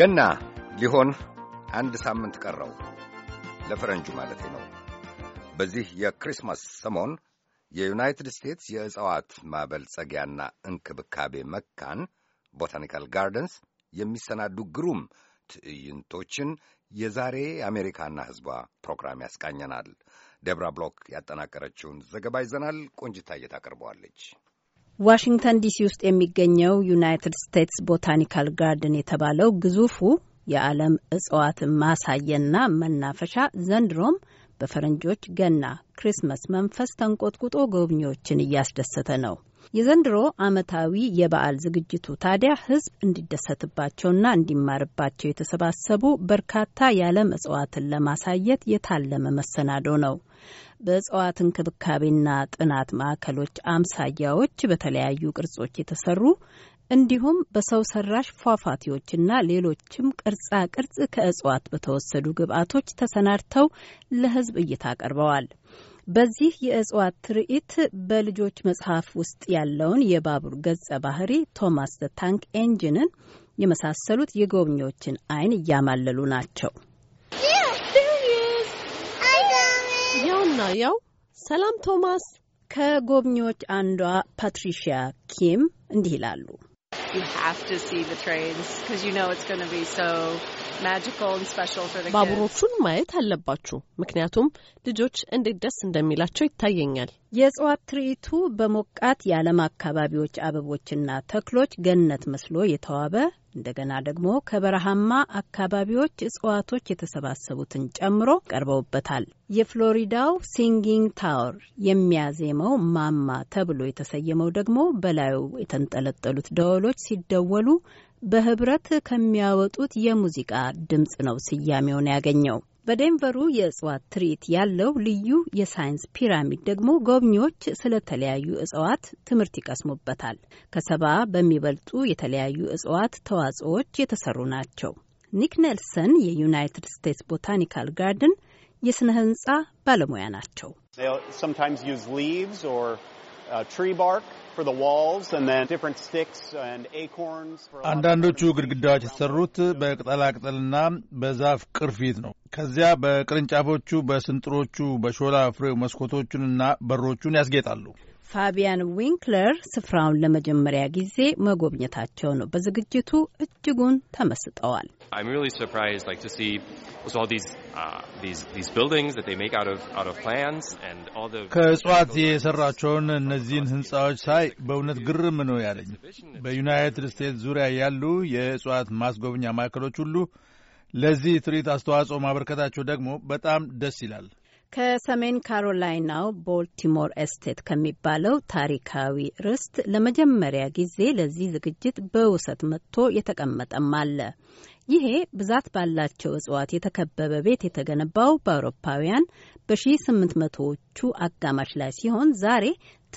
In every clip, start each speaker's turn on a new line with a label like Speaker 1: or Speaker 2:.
Speaker 1: ገና ሊሆን አንድ ሳምንት ቀረው ለፈረንጁ ማለት ነው። በዚህ የክሪስማስ ሰሞን የዩናይትድ ስቴትስ የእጽዋት ማበልጸጊያና እንክብካቤ መካን ቦታኒካል ጋርደንስ የሚሰናዱ ግሩም ትዕይንቶችን የዛሬ የአሜሪካና ሕዝቧ ፕሮግራም ያስቃኘናል። ደብራ ብሎክ ያጠናቀረችውን ዘገባ ይዘናል። ቆንጅታ እየታቀርበዋለች። ዋሽንግተን ዲሲ ውስጥ የሚገኘው ዩናይትድ ስቴትስ ቦታኒካል ጋርደን የተባለው ግዙፉ የዓለም እጽዋት ማሳየና መናፈሻ ዘንድሮም በፈረንጆች ገና ክሪስመስ መንፈስ ተንቆጥቁጦ ጎብኚዎችን እያስደሰተ ነው። የዘንድሮ ዓመታዊ የበዓል ዝግጅቱ ታዲያ ሕዝብ እንዲደሰትባቸውና እንዲማርባቸው የተሰባሰቡ በርካታ የዓለም እጽዋትን ለማሳየት የታለመ መሰናዶ ነው። በእጽዋት እንክብካቤና ጥናት ማዕከሎች አምሳያዎች በተለያዩ ቅርጾች የተሰሩ እንዲሁም በሰው ሰራሽ ፏፏቴዎችና ሌሎችም ቅርጻ ቅርጽ ከእጽዋት በተወሰዱ ግብዓቶች ተሰናድተው ለሕዝብ እይታ ቀርበዋል። በዚህ የእጽዋት ትርኢት በልጆች መጽሐፍ ውስጥ ያለውን የባቡር ገጸ ባህሪ ቶማስ ዘ ታንክ ኤንጂንን የመሳሰሉት የጎብኚዎችን አይን እያማለሉ ናቸው። ያው ሰላም ቶማስ ከጎብኚዎች አንዷ ፓትሪሺያ ኪም እንዲህ ይላሉ። ባቡሮቹን ማየት አለባችሁ፣ ምክንያቱም ልጆች እንዴት ደስ እንደሚላቸው ይታየኛል። የእጽዋት ትርኢቱ በሞቃት የዓለም አካባቢዎች አበቦችና ተክሎች ገነት መስሎ የተዋበ እንደገና ደግሞ ከበረሃማ አካባቢዎች እጽዋቶች የተሰባሰቡትን ጨምሮ ቀርበውበታል። የፍሎሪዳው ሲንጊንግ ታወር የሚያዜመው ማማ ተብሎ የተሰየመው ደግሞ በላዩ የተንጠለጠሉት ደወሎች ሲደወሉ በህብረት ከሚያወጡት የሙዚቃ ድምፅ ነው ስያሜውን ያገኘው። በዴንቨሩ የእጽዋት ትርኢት ያለው ልዩ የሳይንስ ፒራሚድ ደግሞ ጎብኚዎች ስለተለያዩ እጽዋት ትምህርት ይቀስሙበታል። ከሰባ በሚበልጡ የተለያዩ እጽዋት ተዋጽኦዎች የተሰሩ ናቸው። ኒክ ኔልሰን የዩናይትድ ስቴትስ ቦታኒካል ጋርደን የስነ ህንጻ
Speaker 2: ባለሙያ ናቸው። አንዳንዶቹ ግድግዳዎች የተሰሩት በቅጠላቅጠልና በዛፍ ቅርፊት ነው። ከዚያ በቅርንጫፎቹ፣ በስንጥሮቹ፣ በሾላ ፍሬው መስኮቶቹንና በሮቹን ያስጌጣሉ።
Speaker 1: ፋቢያን ዊንክለር ስፍራውን ለመጀመሪያ ጊዜ መጎብኘታቸው ነው። በዝግጅቱ እጅጉን ተመስጠዋል።
Speaker 2: ከእጽዋት የሰራቸውን እነዚህን ህንፃዎች ሳይ በእውነት ግርም ነው ያለኝ። በዩናይትድ ስቴትስ ዙሪያ ያሉ የእጽዋት ማስጎብኛ ማዕከሎች ሁሉ ለዚህ ትርኢት አስተዋጽኦ ማበርከታቸው ደግሞ በጣም ደስ ይላል።
Speaker 1: ከሰሜን ካሮላይናው ቦልቲሞር ኤስቴት ከሚባለው ታሪካዊ ርስት ለመጀመሪያ ጊዜ ለዚህ ዝግጅት በውሰት መጥቶ የተቀመጠም አለ። ይሄ ብዛት ባላቸው እጽዋት የተከበበ ቤት የተገነባው በአውሮፓውያን በ1800ዎቹ አጋማሽ ላይ ሲሆን ዛሬ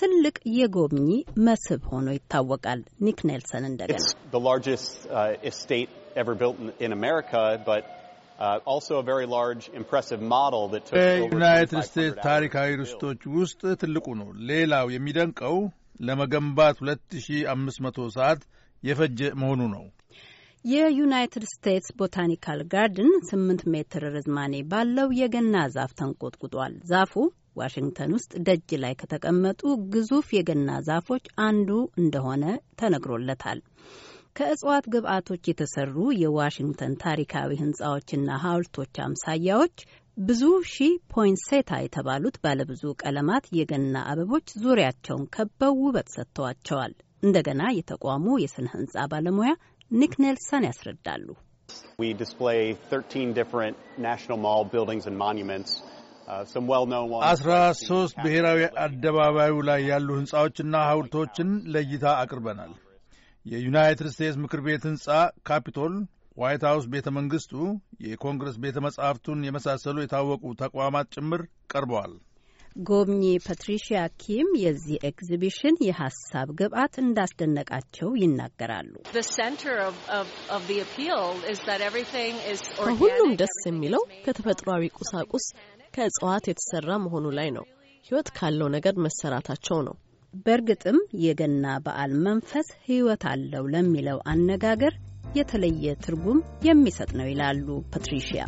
Speaker 1: ትልቅ የጎብኚ መስህብ ሆኖ ይታወቃል። ኒክ ኔልሰን እንደገና በዩናይትድ
Speaker 2: ስቴትስ ታሪካዊ ርስቶች ውስጥ ትልቁ ነው። ሌላው የሚደንቀው ለመገንባት 2500 ሰዓት የፈጀ መሆኑ ነው።
Speaker 1: የዩናይትድ ስቴትስ ቦታኒካል ጋርድን 8 ሜትር ርዝማኔ ባለው የገና ዛፍ ተንቆጥቁጧል። ዛፉ ዋሽንግተን ውስጥ ደጅ ላይ ከተቀመጡ ግዙፍ የገና ዛፎች አንዱ እንደሆነ ተነግሮለታል። ከእጽዋት ግብዓቶች የተሰሩ የዋሽንግተን ታሪካዊ ህንፃዎችና ሐውልቶች አምሳያዎች ብዙ ሺህ ፖይንሴታ የተባሉት ባለብዙ ቀለማት የገና አበቦች ዙሪያቸውን ከበው ውበት ሰጥተዋቸዋል። እንደገና የተቋሙ የስነ ህንፃ ባለሙያ ኒክ ኔልሰን ያስረዳሉ። uh,
Speaker 2: አስራ ሶስት ብሔራዊ አደባባዩ ላይ ያሉ ህንፃዎችና ሐውልቶችን ለእይታ አቅርበናል። የዩናይትድ ስቴትስ ምክር ቤት ህንፃ ካፒቶል፣ ዋይት ሃውስ ቤተ መንግስቱ፣ የኮንግረስ ቤተ መጻሕፍቱን የመሳሰሉ የታወቁ ተቋማት ጭምር ቀርበዋል።
Speaker 1: ጎብኚ ፓትሪሺያ ኪም የዚህ ኤግዚቢሽን የሀሳብ ግብዓት እንዳስደነቃቸው ይናገራሉ። ከሁሉም ደስ የሚለው ከተፈጥሯዊ ቁሳቁስ ከእጽዋት የተሰራ መሆኑ ላይ ነው። ህይወት ካለው ነገር መሰራታቸው ነው። በእርግጥም የገና በዓል መንፈስ ሕይወት አለው ለሚለው አነጋገር የተለየ ትርጉም የሚሰጥ ነው ይላሉ ፓትሪሺያ።